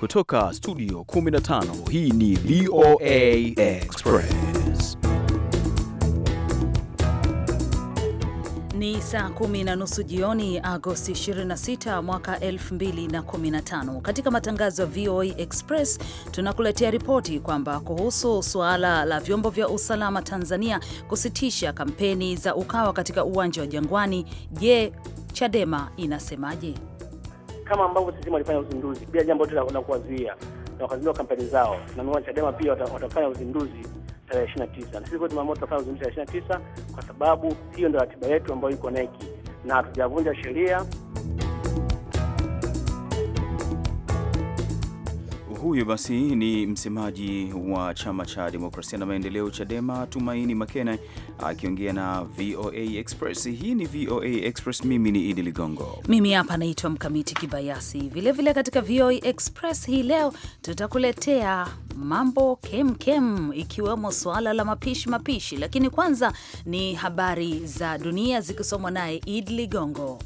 Kutoka studio 15 hii ni VOA Express. Ni saa kumi na nusu jioni Agosti 26 mwaka 2015. Katika matangazo ya VOA Express tunakuletea ripoti kwamba kuhusu suala la vyombo vya usalama Tanzania kusitisha kampeni za Ukawa katika uwanja wa Jangwani. Je, Chadema inasemaje? kama ambavyo sisemu walifanya uzinduzi bila jambo lote la kuwazuia na wakazindua kampeni zao, na mimi Chadema pia watafanya uzinduzi tarehe 29 na sisi kwa Jumamosi tutafanya uzinduzi tarehe 29 kwa sababu hiyo ndio ratiba yetu ambayo iko neki na hatujavunja sheria Huyu basi ni msemaji wa chama cha demokrasia na maendeleo Chadema, Tumaini Makene akiongea na VOA Express. Hii ni VOA Express, mimi ni Idi Ligongo, mimi hapa naitwa Mkamiti Kibayasi. Vilevile vile katika VOA Express hii leo tutakuletea mambo kem, ikiwemo suala la mapishi mapishi, lakini kwanza ni habari za dunia zikisomwa naye Idi Ligongo.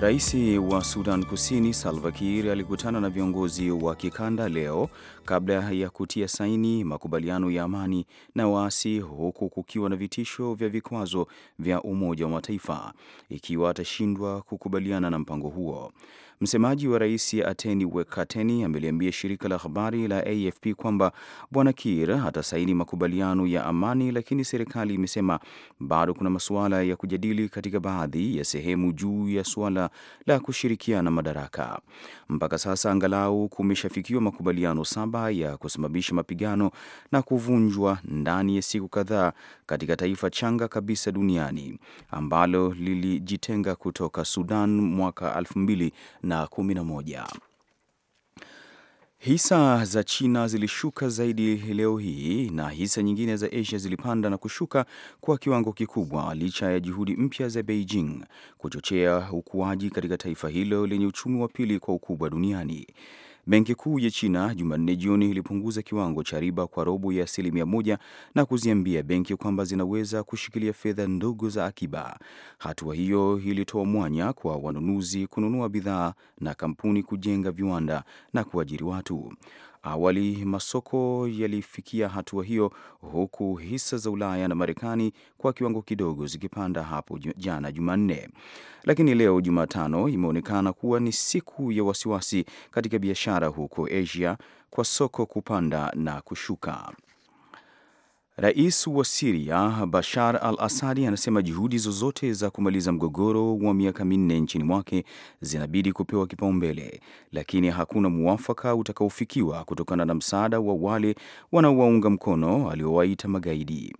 Rais wa Sudan Kusini Salva Kiir alikutana na viongozi wa kikanda leo kabla ya kutia saini makubaliano ya amani na waasi, huku kukiwa na vitisho vya vikwazo vya Umoja wa Mataifa ikiwa atashindwa kukubaliana na mpango huo. Msemaji wa rais Ateni Wekateni ameliambia shirika la habari la AFP kwamba bwana kir atasaini makubaliano ya amani, lakini serikali imesema bado kuna masuala ya kujadili katika baadhi ya sehemu juu ya suala la kushirikiana madaraka. Mpaka sasa angalau kumeshafikiwa makubaliano saba ya kusimamisha mapigano na kuvunjwa ndani ya siku kadhaa katika taifa changa kabisa duniani ambalo lilijitenga kutoka Sudan mwaka elfu mbili na kumi na moja. Hisa za China zilishuka zaidi leo hii na hisa nyingine za Asia zilipanda na kushuka kwa kiwango kikubwa licha ya juhudi mpya za Beijing kuchochea ukuaji katika taifa hilo lenye uchumi wa pili kwa ukubwa duniani. Benki Kuu ya China Jumanne jioni ilipunguza kiwango cha riba kwa robo ya asilimia moja na kuziambia benki kwamba zinaweza kushikilia fedha ndogo za akiba. Hatua hiyo ilitoa mwanya kwa wanunuzi kununua bidhaa na kampuni kujenga viwanda na kuajiri watu. Awali masoko yalifikia hatua hiyo, huku hisa za Ulaya na Marekani kwa kiwango kidogo zikipanda hapo jana Jumanne, lakini leo Jumatano imeonekana kuwa ni siku ya wasiwasi katika biashara huko Asia kwa soko kupanda na kushuka. Rais wa Siria Bashar al Asadi anasema juhudi zozote za kumaliza mgogoro wa miaka minne nchini mwake zinabidi kupewa kipaumbele, lakini hakuna mwafaka utakaofikiwa kutokana na msaada wa wale wanaowaunga mkono aliowaita magaidi.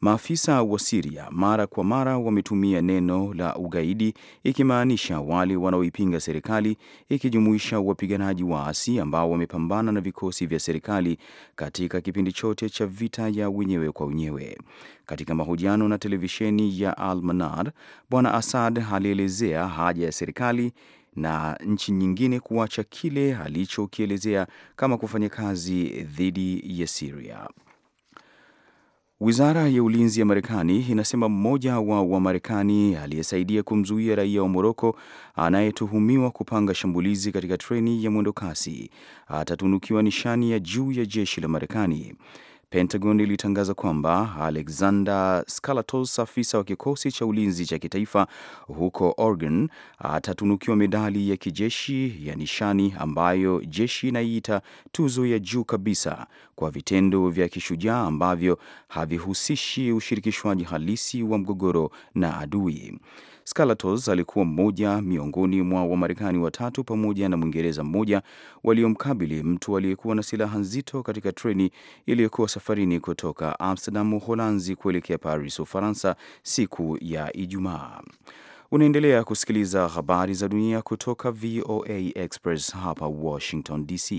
Maafisa wa Siria mara kwa mara wametumia neno la ugaidi ikimaanisha wale wanaoipinga serikali ikijumuisha wapiganaji waasi ambao wamepambana na vikosi vya serikali katika kipindi chote cha vita ya wenyewe kwa wenyewe. Katika mahojiano na televisheni ya Al-Manar, Bwana Assad alielezea haja ya serikali na nchi nyingine kuacha kile alichokielezea kama kufanya kazi dhidi ya Siria. Wizara ya ulinzi ya Marekani inasema mmoja wa Wamarekani aliyesaidia kumzuia raia wa Moroko anayetuhumiwa kupanga shambulizi katika treni ya mwendokasi atatunukiwa nishani ya juu ya jeshi la Marekani. Pentagon ilitangaza kwamba Alexander Skalatos, afisa wa kikosi cha ulinzi cha kitaifa huko Oregon, atatunukiwa medali ya kijeshi ya nishani ambayo jeshi inaiita tuzo ya juu kabisa kwa vitendo vya kishujaa ambavyo havihusishi ushirikishwaji halisi wa mgogoro na adui. Skalatos alikuwa mmoja miongoni mwa Wamarekani watatu pamoja na Mwingereza mmoja waliomkabili mtu aliyekuwa na silaha nzito katika treni iliyokuwa safarini kutoka Amsterdam, Uholanzi, kuelekea Paris, Ufaransa, siku ya Ijumaa. Unaendelea kusikiliza habari za dunia kutoka VOA Express hapa Washington DC.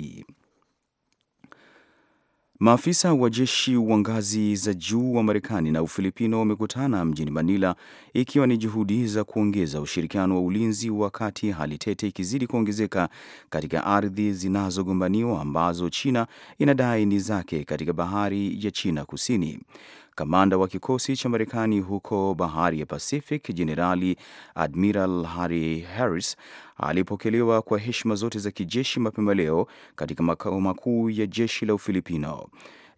Maafisa wa jeshi wa ngazi za juu wa Marekani na Ufilipino wamekutana mjini Manila ikiwa ni juhudi za kuongeza ushirikiano wa ulinzi, wakati hali tete ikizidi kuongezeka katika ardhi zinazogombaniwa ambazo China inadai ni zake katika bahari ya China Kusini. Kamanda wa kikosi cha Marekani huko bahari ya Pacific, Jenerali Admiral Harry Harris alipokelewa kwa heshima zote za kijeshi mapema leo katika makao makuu ya jeshi la Ufilipino.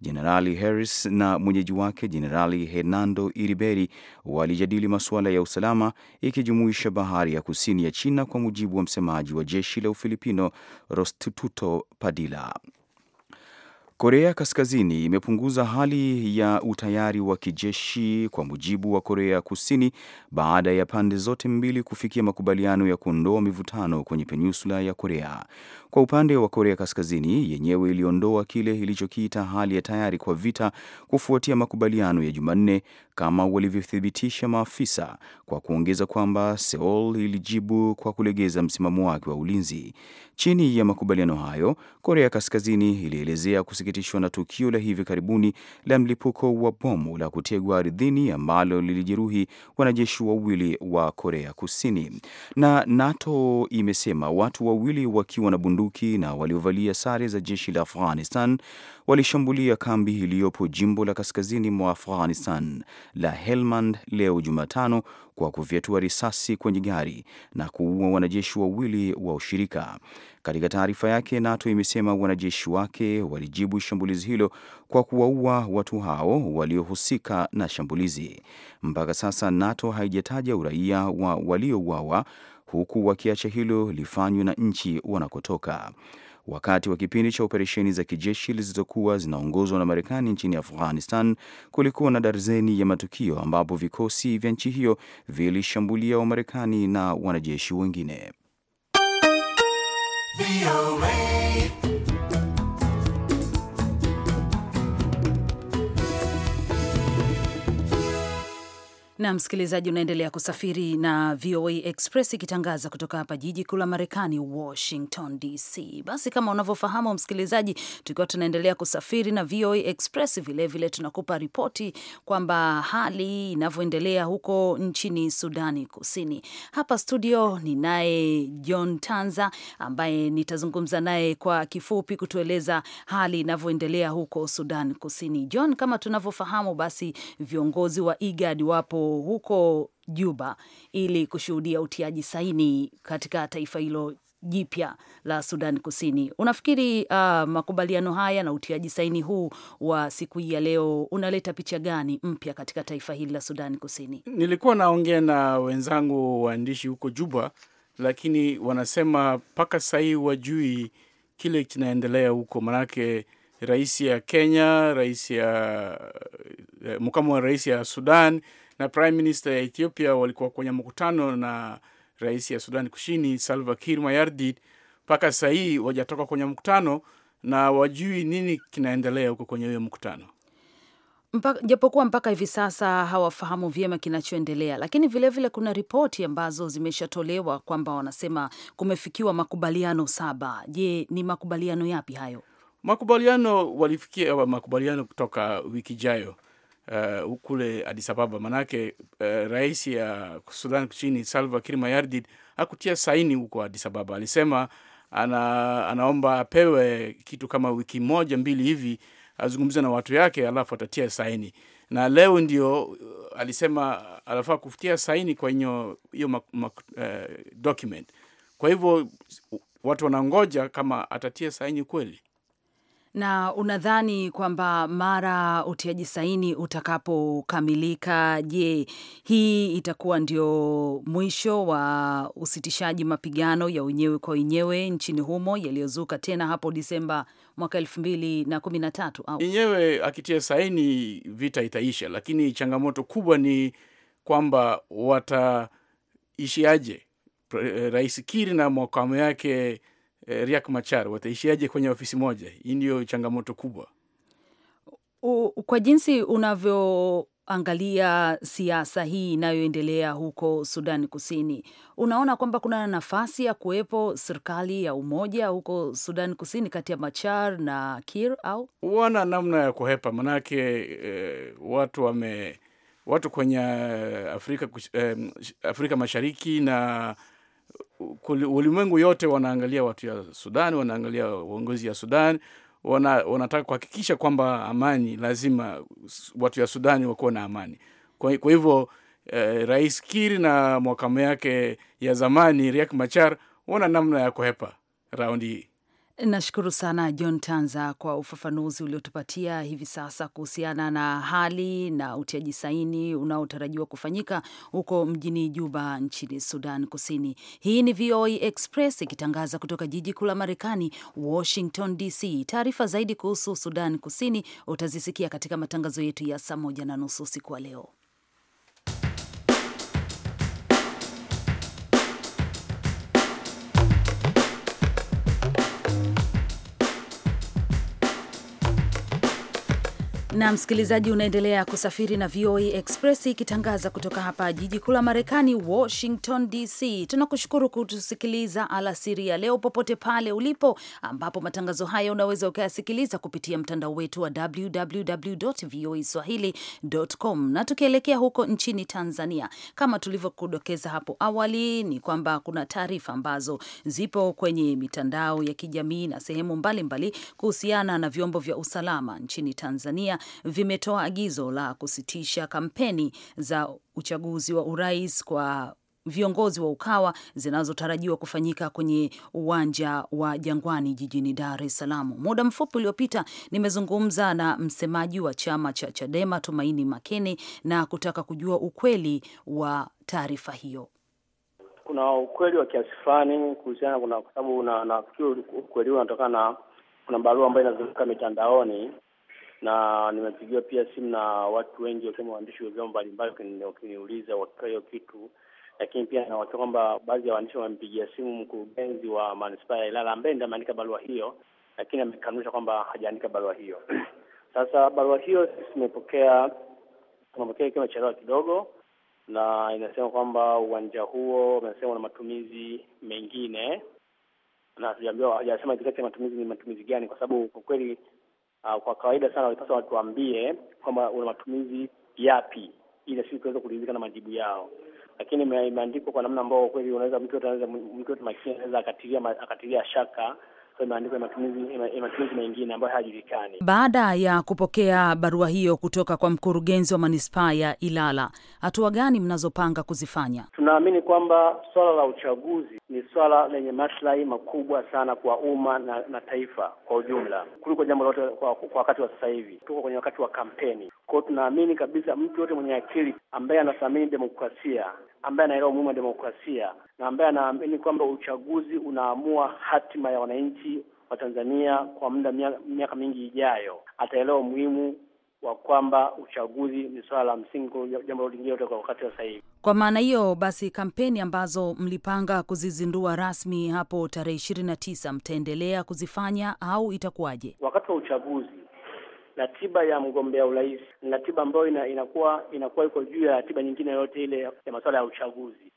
Jenerali Harris na mwenyeji wake Jenerali Hernando Iriberi walijadili masuala ya usalama ikijumuisha bahari ya kusini ya China, kwa mujibu wa msemaji wa jeshi la Ufilipino Rostituto Padilla. Korea Kaskazini imepunguza hali ya utayari wa kijeshi kwa mujibu wa Korea Kusini baada ya pande zote mbili kufikia makubaliano ya kuondoa mivutano kwenye peninsula ya Korea. Kwa upande wa Korea Kaskazini yenyewe iliondoa kile ilichokiita hali ya tayari kwa vita kufuatia makubaliano ya Jumanne, kama walivyothibitisha maafisa, kwa kuongeza kwamba Seoul ilijibu kwa kulegeza msimamo wake wa ulinzi. Chini ya makubaliano hayo, Korea Kaskazini ilielezea kusikitishwa na tukio la hivi karibuni la mlipuko wa bomu la kutegwa ardhini ambalo lilijeruhi wanajeshi wawili wa Korea Kusini. Na NATO imesema watu wawili wakiwa na bunduki na waliovalia sare za jeshi la Afghanistan walishambulia kambi iliyopo jimbo la kaskazini mwa Afghanistan la Helmand leo Jumatano kwa kufyatua risasi kwenye gari na kuua wanajeshi wawili wa ushirika. Katika taarifa yake, NATO imesema wanajeshi wake walijibu shambulizi hilo kwa kuwaua watu hao waliohusika na shambulizi. Mpaka sasa NATO haijataja uraia wa waliouawa, huku wakiacha hilo lifanywe na nchi wanakotoka. Wakati wa kipindi cha operesheni za kijeshi zilizokuwa zinaongozwa na Marekani nchini Afghanistan, kulikuwa na darzeni ya matukio ambapo vikosi vya nchi hiyo vilishambulia Wamarekani na wanajeshi wengine. na msikilizaji, unaendelea kusafiri na VOA Express ikitangaza kutoka hapa jiji kuu la Marekani, Washington DC. Basi kama unavyofahamu msikilizaji, tukiwa tunaendelea kusafiri na VOA Express vilevile vile tunakupa ripoti kwamba hali inavyoendelea huko nchini Sudani Kusini. Hapa studio ninaye John Tanza ambaye nitazungumza naye kwa kifupi kutueleza hali inavyoendelea huko Sudan Kusini. John, kama tunavyofahamu, basi viongozi wa IGAD wapo huko Juba ili kushuhudia utiaji saini katika taifa hilo jipya la Sudan Kusini. Unafikiri uh, makubaliano haya na utiaji saini huu wa siku hii ya leo unaleta picha gani mpya katika taifa hili la Sudan Kusini? Nilikuwa naongea na wenzangu waandishi huko Juba, lakini wanasema mpaka sahii wajui kile kinaendelea huko, manake rais ya Kenya, rais ya eh, wa rais ya Sudan na prime minister ya Ethiopia walikuwa kwenye mkutano na rais ya Sudan Kushini Salva Kiir Mayardit. Mpaka sasa hii wajatoka kwenye mkutano na wajui nini kinaendelea huko kwenye huyo mkutano mpaka, japokuwa mpaka hivi sasa hawafahamu vyema kinachoendelea, lakini vilevile vile kuna ripoti ambazo zimeshatolewa kwamba wanasema kumefikiwa makubaliano saba. Je, ni makubaliano yapi hayo? Makubaliano walifikia makubaliano kutoka wiki ijayo uh, kule Addis Ababa, manake uh, rais ya Sudan Kusini Salva Kiir Mayardit hakutia saini huko Addis Ababa. Alisema ana, anaomba apewe kitu kama wiki moja mbili hivi azungumze na watu yake, alafu atatia saini. Na leo ndio uh, alisema anafaa kufutia saini kwa hiyo uh, document. Kwa hivyo watu wanangoja kama atatia saini kweli. Na unadhani kwamba mara utiaji saini utakapokamilika, je, hii itakuwa ndio mwisho wa usitishaji mapigano ya wenyewe kwa wenyewe nchini humo yaliyozuka tena hapo Disemba mwaka elfu mbili na kumi na tatu au yenyewe akitia saini vita itaisha? Lakini changamoto kubwa ni kwamba wataishiaje? Eh, Rais Kiri na mwakamo yake Eh, riak Machar wataishiaje kwenye ofisi moja? Hii ndiyo changamoto kubwa. U, kwa jinsi unavyoangalia siasa hii inayoendelea huko Sudani Kusini, unaona kwamba kuna nafasi ya kuwepo serikali ya umoja huko Sudani Kusini kati ya Machar na Kir au wana namna ya kuhepa? Manake eh, watu wame watu kwenye eh, Afrika, eh, Afrika Mashariki na ulimwengu yote wanaangalia watu ya Sudan, wanaangalia uongozi ya Sudan, wana, wanataka kuhakikisha kwamba amani, lazima watu ya Sudani wakuwa na amani. Kwa, kwa hivyo eh, Rais kiri na mwakamo yake ya zamani Riek Machar wana namna ya kuhepa raundi hii. Nashukuru sana John Tanza kwa ufafanuzi uliotupatia hivi sasa kuhusiana na hali na utiaji saini unaotarajiwa kufanyika huko mjini Juba nchini Sudan Kusini. Hii ni VOA Express ikitangaza kutoka jiji kuu la Marekani, Washington DC. Taarifa zaidi kuhusu Sudan Kusini utazisikia katika matangazo yetu ya saa moja na nusu usiku wa leo. na msikilizaji, unaendelea kusafiri na VOA Express ikitangaza kutoka hapa jiji kuu la Marekani, Washington DC. Tunakushukuru kutusikiliza alasiri ya leo popote pale ulipo, ambapo matangazo haya unaweza ukayasikiliza kupitia mtandao wetu wa www voa swahili.com. Na tukielekea huko nchini Tanzania, kama tulivyokudokeza hapo awali, ni kwamba kuna taarifa ambazo zipo kwenye mitandao ya kijamii na sehemu mbalimbali kuhusiana na vyombo vya usalama nchini Tanzania vimetoa agizo la kusitisha kampeni za uchaguzi wa urais kwa viongozi wa Ukawa zinazotarajiwa kufanyika kwenye uwanja wa Jangwani jijini Dar es Salaam. Muda mfupi uliopita nimezungumza na msemaji wa chama cha Chadema Tumaini Makene na kutaka kujua ukweli wa taarifa hiyo. Kuna ukweli wa kiasi fulani kuhusiana, kwa sababu nafikiri ukweli huu unatokana na kuna barua ambayo inazunguka mitandaoni na nimepigiwa pia simu na watu wengi wakiwemo waandishi wa vyombo mbalimbali wakiniuliza wakika hiyo kitu, lakini pia nawakia kwamba baadhi ya waandishi wamempigia simu mkurugenzi wa manispaa ya Ilala ambaye ndiye ameandika barua hiyo, lakini amekanusha kwamba hajaandika barua hiyo. Sasa barua hiyo sisi tumepokea tumepokea ikiwa imechelewa kidogo, na inasema kwamba uwanja huo unasema na matumizi mengine na hatujaambiwa, hajasema exactly matumizi ni matumizi gani, kwa sababu kwa kweli uh, kwa kawaida sana walipaswa watuambie kwamba una matumizi yapi, ili sisi tuweze kuridhika na majibu yao, lakini imeandikwa kwa namna ambao kweli unaweza mtu mtu makini anaweza akatilia akatilia shaka ambayo ya matumizi mengine ambayo hayajulikani. Baada ya kupokea barua hiyo kutoka kwa mkurugenzi wa manispaa ya Ilala, hatua gani mnazopanga kuzifanya? Tunaamini kwamba swala la uchaguzi ni swala lenye maslahi makubwa sana kwa umma na, na taifa kwa ujumla kuliko jambo lolote kwa wakati wa sasa hivi. Tuko kwenye wakati wa kampeni. Kwa tunaamini kabisa mtu yote mwenye akili ambaye anathamini demokrasia, ambaye anaelewa umuhimu wa demokrasia na ambaye anaamini kwamba uchaguzi unaamua hatima ya wananchi wa Tanzania kwa muda miaka mingi ijayo, ataelewa umuhimu wa kwamba uchaguzi ni suala la msingi jambo lingine lote kwa wakati wa sahihi. Kwa maana hiyo basi, kampeni ambazo mlipanga kuzizindua rasmi hapo tarehe ishirini na tisa mtaendelea kuzifanya au itakuwaje wakati wa uchaguzi? ratiba ya mgombea urais ni ratiba ambayo ina, inakuwa inakuwa iko juu ya ratiba nyingine yote ile ya masuala ya uchaguzi.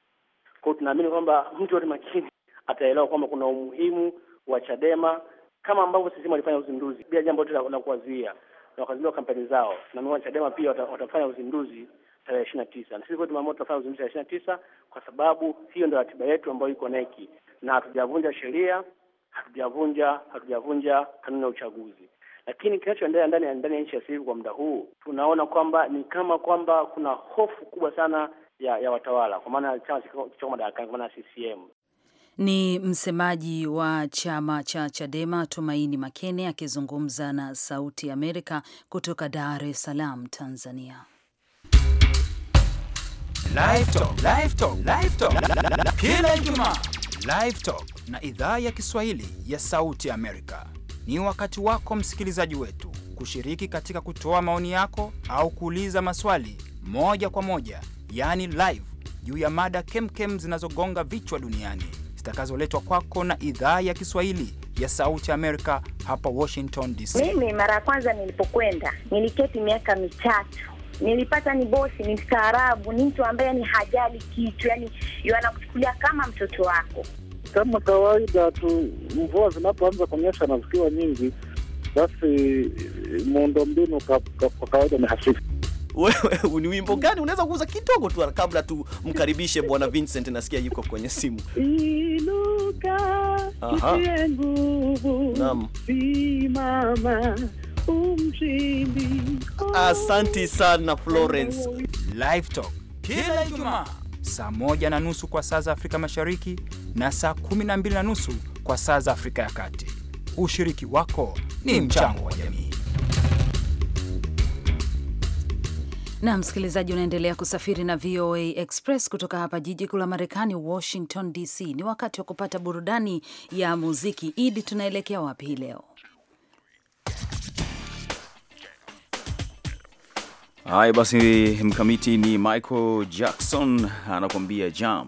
Kwa hiyo tunaamini kwamba mtu yote makini ataelewa kwamba kuna umuhimu wa Chadema kama ambavyo sisi walifanya uzinduzi bila jambo lote la kuwazuia na wakazinduliwa kampeni zao, na Chadema pia watafanya uzinduzi tarehe ishirini na tisa na sisi kwetu tumeamua tutafanya uzinduzi tarehe ishirini na tisa kwa sababu hiyo ndio ratiba yetu ambayo iko neki, na hatujavunja sheria, hatujavunja hatujavunja kanuni ya uchaguzi. Lakini kinachoendelea ndani ndani ya nchi ya sasa kwa muda huu, tunaona kwamba ni kama kwamba kuna hofu kubwa sana ya, ya watawala kwa maana chama kilicho madarakani kwa maana CCM. Ni msemaji wa chama cha Chadema Tumaini Makene akizungumza na Sauti Amerika kutoka Dar es Salaam, Tanzania. Live Talk, Live Talk, Live Talk kila Ijumaa, Live Talk na idhaa ya Kiswahili ya Sauti Amerika ni wakati wako msikilizaji wetu kushiriki katika kutoa maoni yako au kuuliza maswali moja kwa moja, yani live, juu ya mada kemkem zinazogonga vichwa duniani zitakazoletwa kwako na idhaa ya Kiswahili ya Sauti ya Amerika hapa Washington DC. Mimi mara ya kwanza nilipokwenda niliketi miaka mitatu nilipata ni bosi, ni mstaarabu, ni mtu ambaye ni hajali kitu, yani yanakuchukulia kama mtoto wako. Kama kawaida tu, mvua zinapoanza kunyesha na zikiwa nyingi, basi eh, muundombinu kwa ka, ka, kawaida ni hafifu. Wewe ni wimbo gani unaweza kuuza kidogo tu kabla tumkaribishe Bwana Vincent? Nasikia yuko kwenye simu. Inuka kitie nguvu, simama umshindi. Asanti sana Florence. Live Talk kila Ijumaa saa moja na nusu kwa saa za Afrika Mashariki na saa 12 na nusu kwa saa za Afrika ya Kati. Ushiriki wako ni mchango wa jamii. na msikilizaji, unaendelea kusafiri na VOA Express kutoka hapa jiji kuu la Marekani, Washington DC. Ni wakati wa kupata burudani ya muziki. Idi, tunaelekea wapi hii leo? Haya basi, mkamiti ni Michael Jackson anakuambia jam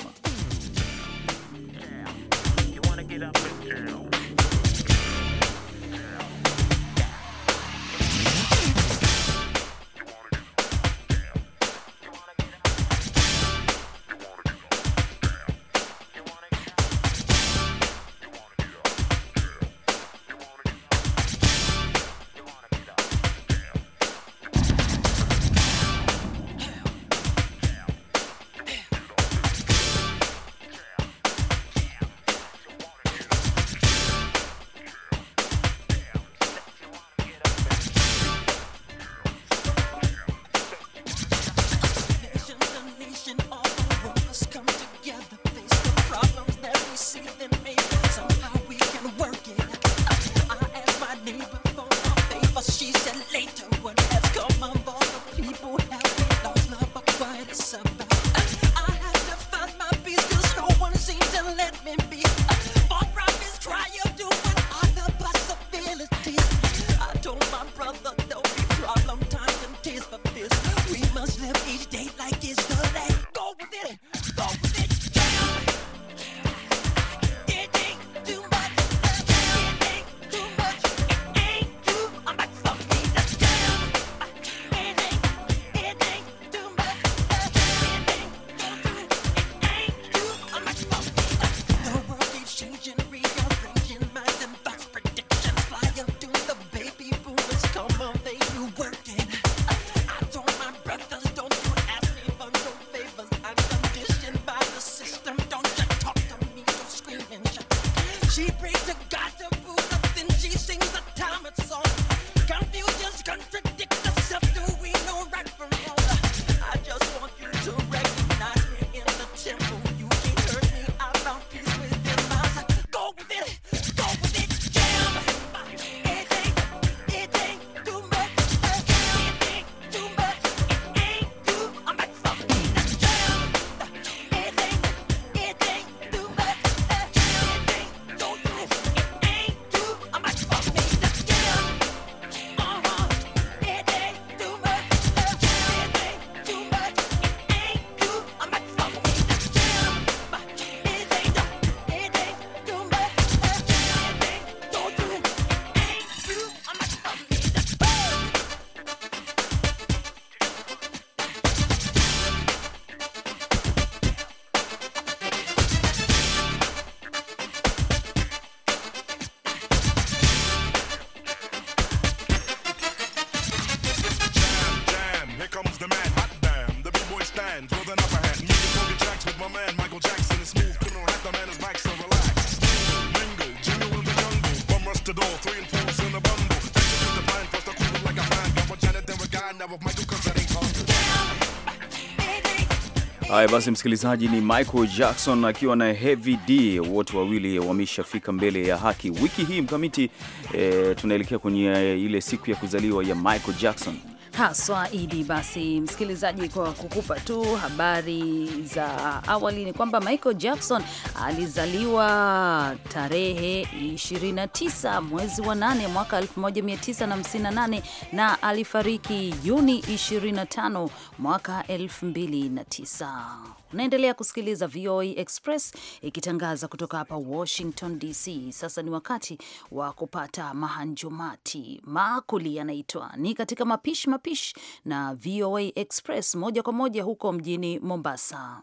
Haya basi, msikilizaji, ni Michael Jackson akiwa na Heavy D, wote wawili wameshafika mbele ya haki wiki hii mkamiti. E, tunaelekea kwenye eh, ile siku ya kuzaliwa ya Michael Jackson haswa Idi. Basi msikilizaji, kwa kukupa tu habari za awali ni kwamba Michael Jackson alizaliwa tarehe 29 mwezi wa 8 mwaka 1958 na alifariki Juni 25 mwaka 2009. Unaendelea kusikiliza VOA e Express ikitangaza kutoka hapa Washington DC. Sasa ni wakati wa kupata mahanjumati maakuli, yanaitwa ni katika mapishi mapishi, na VOA e Express moja kwa moja huko mjini Mombasa.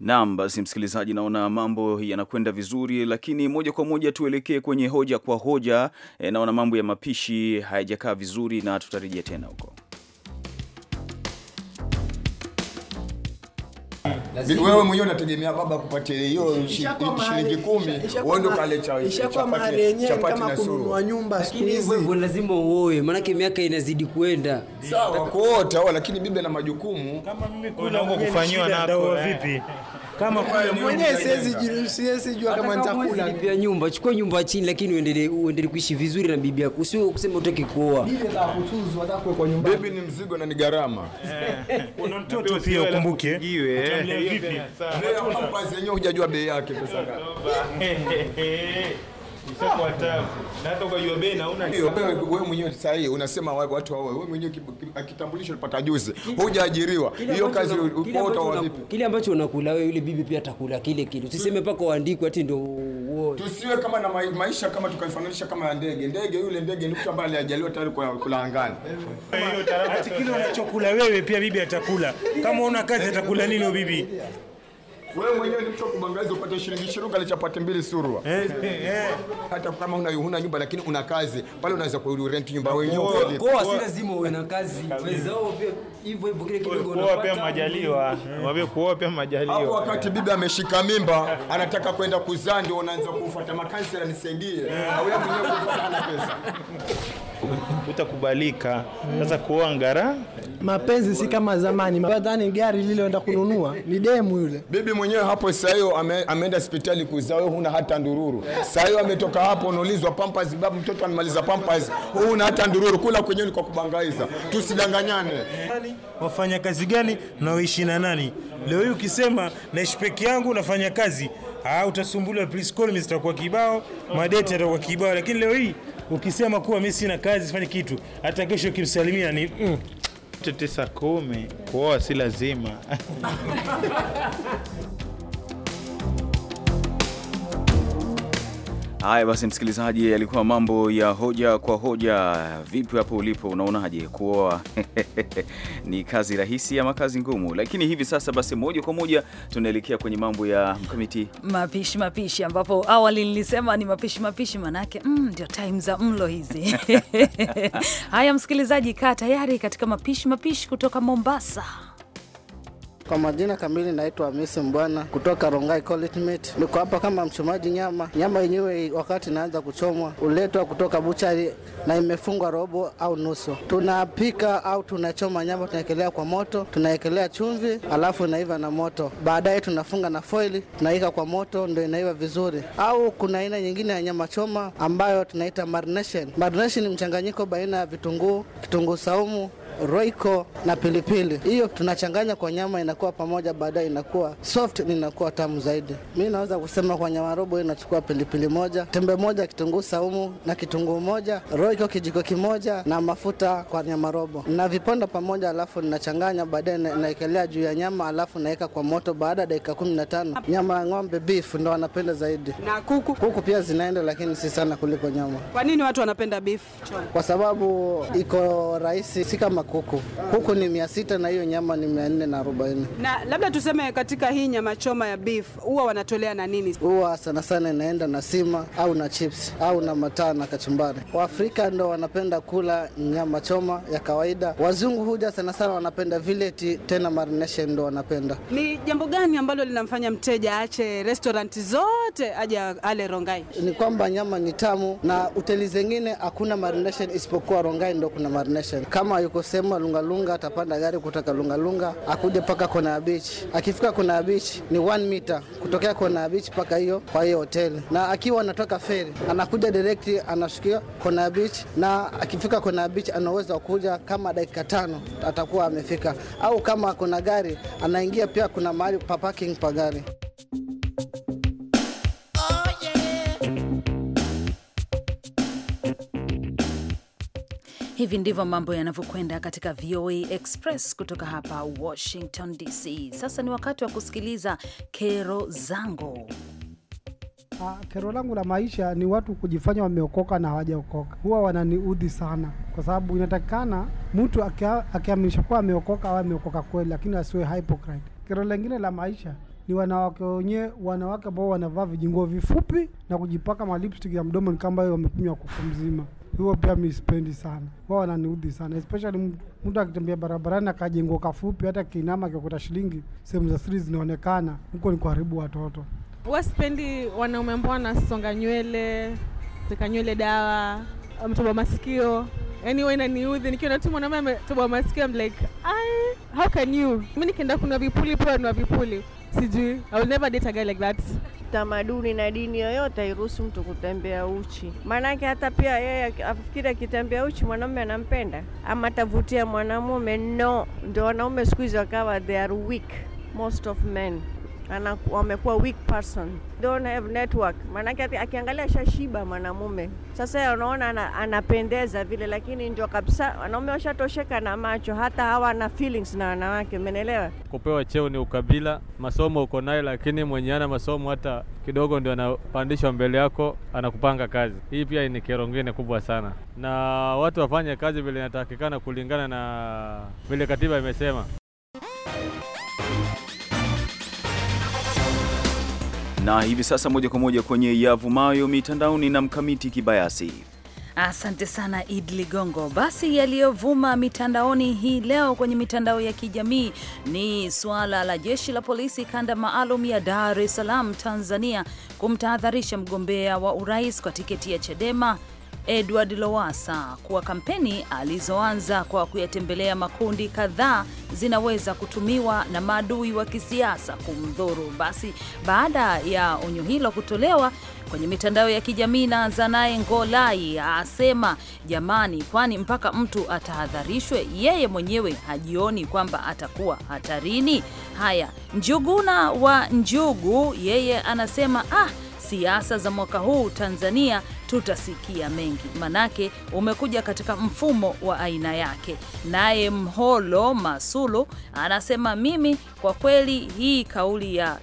Naam, basi msikilizaji, naona mambo yanakwenda vizuri, lakini moja kwa moja tuelekee kwenye hoja kwa hoja. E, naona mambo ya mapishi hayajakaa vizuri na tutarejea tena huko. wewe mwenyewe unategemea baba kupatia hiyo shilingi kumi uende kale cha ishakuwa mahali yenyewe kama kununua nyumba siku hizi lazima uoe, maanake miaka inazidi kwenda. Sawa kuota au, lakini bibi na majukumu kama mimi kuna kufanyiwa nako eh. vipi? Kama mwenyewe siwezi siwezi jua kama nitakula pia nyumba. Chukua nyumba chini, lakini uendelee uendelee kuishi vizuri na bibi yako, usio kusema utaki kuoa. Bibi anataka kutunzwa, anataka kwa nyumba. Bibi ni mzigo na ni gharama. Eh. Una mtoto pia ukumbuke. Eh vipi? Pampers yenyewe hujajua bei yake pesa ngapi? Wewe unasema watu wao, wewe mwenyewe kitambulisho ulipata juzi, hujaajiriwa. Hiyo kazi Kile ambacho unakula wewe, yule bibi pia atakula kile kitu. Usiseme mpaka uandikwe ati ndio Tusiwe kama na maisha kama tukaifananisha kama ya ndege. Ndege yule ndege ni mtu ambaye alijaliwa tayari kula angani. kile unachokula wewe pia bibi atakula. Kama una kazi atakula nini bibi? Wewe mwenyewe ni mtu wa kubangaiza upate shilingi ishirini kale cha mbili surwa. Eh, eh, eh. Hata kama una huna nyumba lakini una kazi. Pale unaweza ku rent nyumba wenyewe. Kwa si lazima uwe na kazi. Unaweza pia hivyo hivyo kile kidogo unapata. Kwa pia majaliwa. Mwambie kuoa pia majaliwa. Hapo wakati bibi ameshika mimba anataka kwenda kuzaa ndio unaanza kufuata makansela nisaidie. Au yeye mwenyewe kufuata hana pesa. Utakubalika. Sasa kuoa ngara. Mapenzi si kama zamani. Madhani gari lile unaenda kununua ni demu yule. Bibi mwenyewe hapo sahiyo ameenda hospitali kuzaa, wewe huna hata ndururu. Sahiyo ametoka hapo, unaulizwa pampers, babu mtoto amemaliza pampers, huna hata ndururu. Kula kwenyewe ni kwa kubangaiza, tusidanganyane. Wafanya kazi gani na uishi na nani? Leo hii ukisema naishi peke yangu, nafanya kazi ah, utasumbuliwa. please call Priscol zitakuwa kibao, madeti yatakuwa kibao, lakini leo hii ukisema kuwa mimi sina kazi, sifanye kitu, hata kesho ukimsalimia ni mm. tisa kumi kuoa si lazima Haya basi, msikilizaji, yalikuwa mambo ya hoja kwa hoja. Vipi hapo ulipo, unaonaje kuoa? ni kazi rahisi ama kazi ngumu? Lakini hivi sasa basi, moja kwa moja tunaelekea kwenye mambo ya mkamiti mapishi mapishi, ambapo awali nilisema ni mapishi mapishi, manake mm, ndio mm, time za mlo hizi. Haya msikilizaji, kaa tayari katika mapishi mapishi kutoka Mombasa. Kwa majina kamili naitwa Hamisi Mbwana kutoka Rongai Coltmate. Niko hapa kama mchomaji nyama. Nyama yenyewe wakati inaanza kuchomwa uletwa kutoka buchari na imefungwa robo au nusu. Tunapika au tunachoma nyama, tunaekelea kwa moto, tunaekelea chumvi, alafu inaiva na moto. Baadaye tunafunga na foili, tunaika kwa moto, ndio inaiva vizuri. Au kuna aina nyingine ya nyama choma ambayo tunaita marination. Marination ni mchanganyiko baina ya vitunguu, kitunguu saumu roiko na pilipili. Hiyo tunachanganya kwa nyama, inakuwa pamoja, baadaye inakuwa soft, inakuwa tamu zaidi. Mi naweza kusema kwa nyama robo inachukua pilipili moja, tembe moja, kitunguu saumu na kitunguu moja, roiko kijiko kimoja, na mafuta kwa nyama robo na viponda pamoja, alafu ninachanganya baadaye, naekelea juu ya nyama, alafu naweka kwa moto. Baada ya dakika kumi na tano nyama ya ng'ombe beef ndo wanapenda zaidi, na kuku kuku pia zinaenda, lakini si sana kuliko nyama. Kwa nini watu wanapenda beef? Kwa sababu iko rahisi, si kama kuku. Kuku ni mia sita na hiyo nyama ni mia nne na arobaini. Na labda tuseme katika hii nyama choma ya beef huwa wanatolea na nini? Huwa sana sana inaenda na sima au na chips au na mataa na kachumbari. Waafrika ndo wanapenda kula nyama choma ya kawaida. Wazungu huja sana sana wanapenda vileti tena marination ndo wanapenda. Ni jambo gani ambalo linamfanya mteja aache restaurant zote aje ale Rongai? Ni kwamba nyama ni tamu na hoteli zengine hakuna marination isipokuwa Rongai ndo kuna marination. Kama yuko akisema Lungalunga atapanda gari kutoka Lungalunga akuje mpaka Kona bichi Akifika Kona bichi ni one kutokea Kona bichi mpaka hiyo kwa hiyo hoteli, na akiwa anatoka feri anakuja direct anashukia Kona bichi na akifika Kona bichi anaweza kuja kama dakika tano atakuwa amefika, au kama kuna gari anaingia pia, kuna mahali pa parking pa gari. Hivi ndivyo mambo yanavyokwenda katika VOA Express kutoka hapa Washington DC. Sasa ni wakati wa kusikiliza kero zangu. Ah, kero langu la maisha ni watu kujifanya wameokoka na hawajaokoka, huwa wananiudhi sana, kwa sababu inatakikana mtu akiaminisha kuwa ameokoka au ameokoka kweli, lakini asiwe hypocrite. Kero lengine la maisha ni wanawake wenyewe, wanawake ambao wanavaa vijinguo vifupi na kujipaka malipstick ya mdomo, ni kama wamekunywa kufu mzima hiyo pia mi spendi sana, wao wananiudhi sana especially mtu akitembea barabarani akajengwa kafupi, hata kinama kiokota shilingi, sehemu za siri zinaonekana huko, ni kuharibu watoto. Wasipendi wanaume ambao wanasonga nywele, weka nywele dawa, mtoba masikio yaani huwa inaniudhi nikiwa natu mwanaume ametoboa masikio, I'm like, how can you? Mi nikienda kuna vipuli pia na vipuli sijui. I will never date a guy like that. Tamaduni na dini yoyote hairuhusu mtu kutembea uchi, maanake hata pia yeye afikiri akitembea uchi mwanaume anampenda ama atavutia mwanamume. No, ndio wanaume siku hizi wakawa they are weak, most of men wamekuwa weak person, don't have network. Maanake akiangalia shashiba mwanamume sasa, unaona ana, anapendeza vile, lakini ndio kabisa wanaume washatosheka na macho, hata hawana feelings na wanawake, umeelewa? Kupewa cheo ni ukabila, masomo uko naye lakini mwenye ana masomo hata kidogo ndio anapandishwa mbele yako, anakupanga kazi. Hii pia ni kero ngine kubwa sana, na watu wafanye kazi vile inatakikana kulingana na vile katiba imesema. na hivi sasa moja kwa moja kwenye yavumayo mitandaoni na mkamiti Kibayasi. Asante sana Id Ligongo. Basi yaliyovuma mitandaoni hii leo kwenye mitandao ya kijamii ni suala la jeshi la polisi kanda maalum ya Dar es Salaam, Tanzania, kumtahadharisha mgombea wa urais kwa tiketi ya Chadema Edward Lowasa kuwa kampeni alizoanza kwa kuyatembelea makundi kadhaa zinaweza kutumiwa na maadui wa kisiasa kumdhuru. Basi baada ya onyo hilo kutolewa kwenye mitandao ya kijamii, naanza naye Ngolai asema jamani, kwani mpaka mtu atahadharishwe yeye mwenyewe hajioni kwamba atakuwa hatarini? Haya, Njuguna wa Njugu yeye anasema ah, siasa za mwaka huu Tanzania tutasikia mengi, manake umekuja katika mfumo wa aina yake. Naye Mholo Masulu anasema mimi kwa kweli hii kauli ya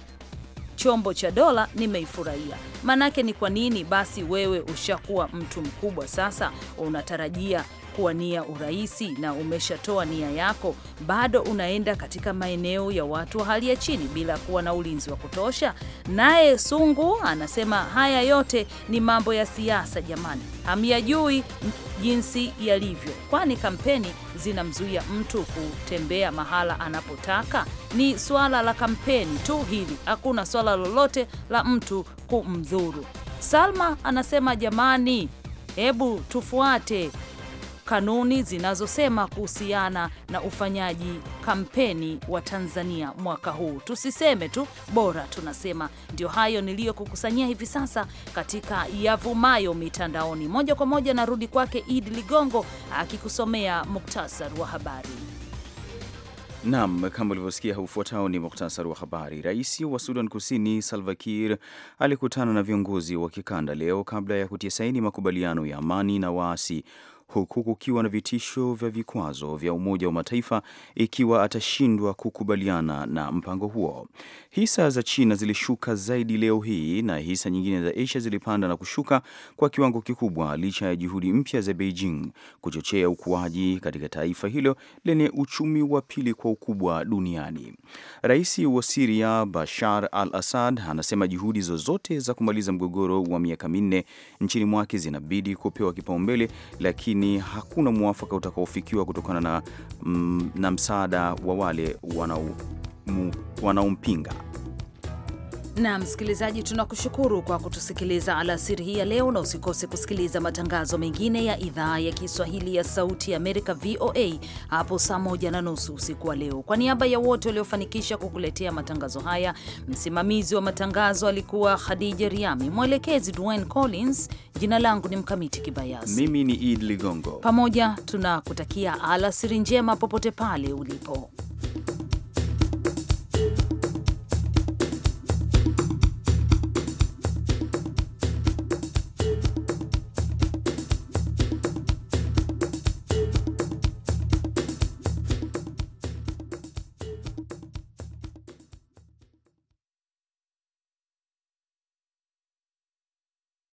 chombo cha dola nimeifurahia. Manake ni kwa nini basi wewe ushakuwa mtu mkubwa sasa unatarajia kuwania uraisi na umeshatoa nia yako, bado unaenda katika maeneo ya watu wa hali ya chini bila kuwa na ulinzi wa kutosha. Naye Sungu anasema haya yote ni mambo ya siasa jamani, hamyajui jinsi yalivyo, kwani kampeni zinamzuia mtu kutembea mahala anapotaka. Ni swala la kampeni tu hili, hakuna swala lolote la mtu kumdhuru. Salma anasema jamani, hebu tufuate kanuni zinazosema kuhusiana na ufanyaji kampeni wa Tanzania mwaka huu. Tusiseme tu bora, tunasema ndio. Hayo niliyokukusanyia hivi sasa katika yavumayo mitandaoni. Moja kwa moja narudi kwake Idi Ligongo akikusomea muktasari wa habari. Nam, kama ulivyosikia, ufuatao ni muktasar wa habari. Rais wa Sudan Kusini Salva Kiir alikutana na viongozi wa kikanda leo kabla ya kutia saini makubaliano ya amani na waasi huku kukiwa na vitisho vya vikwazo vya Umoja wa Mataifa ikiwa atashindwa kukubaliana na mpango huo. Hisa za China zilishuka zaidi leo hii na hisa nyingine za Asia zilipanda na kushuka kwa kiwango kikubwa, licha ya juhudi mpya za Beijing kuchochea ukuaji katika taifa hilo lenye uchumi wa pili kwa ukubwa duniani. Rais wa Siria Bashar al Assad anasema juhudi zozote za kumaliza mgogoro wa miaka minne nchini mwake zinabidi kupewa kipaumbele, lakini lakini hakuna mwafaka utakaofikiwa kutokana na, mm, na msaada wa wale wanaompinga. Na msikilizaji, tunakushukuru kwa kutusikiliza alasiri hii ya leo, na usikose kusikiliza matangazo mengine ya idhaa ya Kiswahili ya Sauti ya Amerika, VOA, hapo saa moja na nusu usiku wa leo. Kwa niaba ya wote waliofanikisha kukuletea matangazo haya, msimamizi wa matangazo alikuwa Khadija Riami, mwelekezi Dwayne Collins. Jina langu ni Mkamiti Kibayasi, mimi ni Id Ligongo. Pamoja tunakutakia alasiri njema popote pale ulipo.